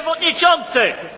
przewodniczący!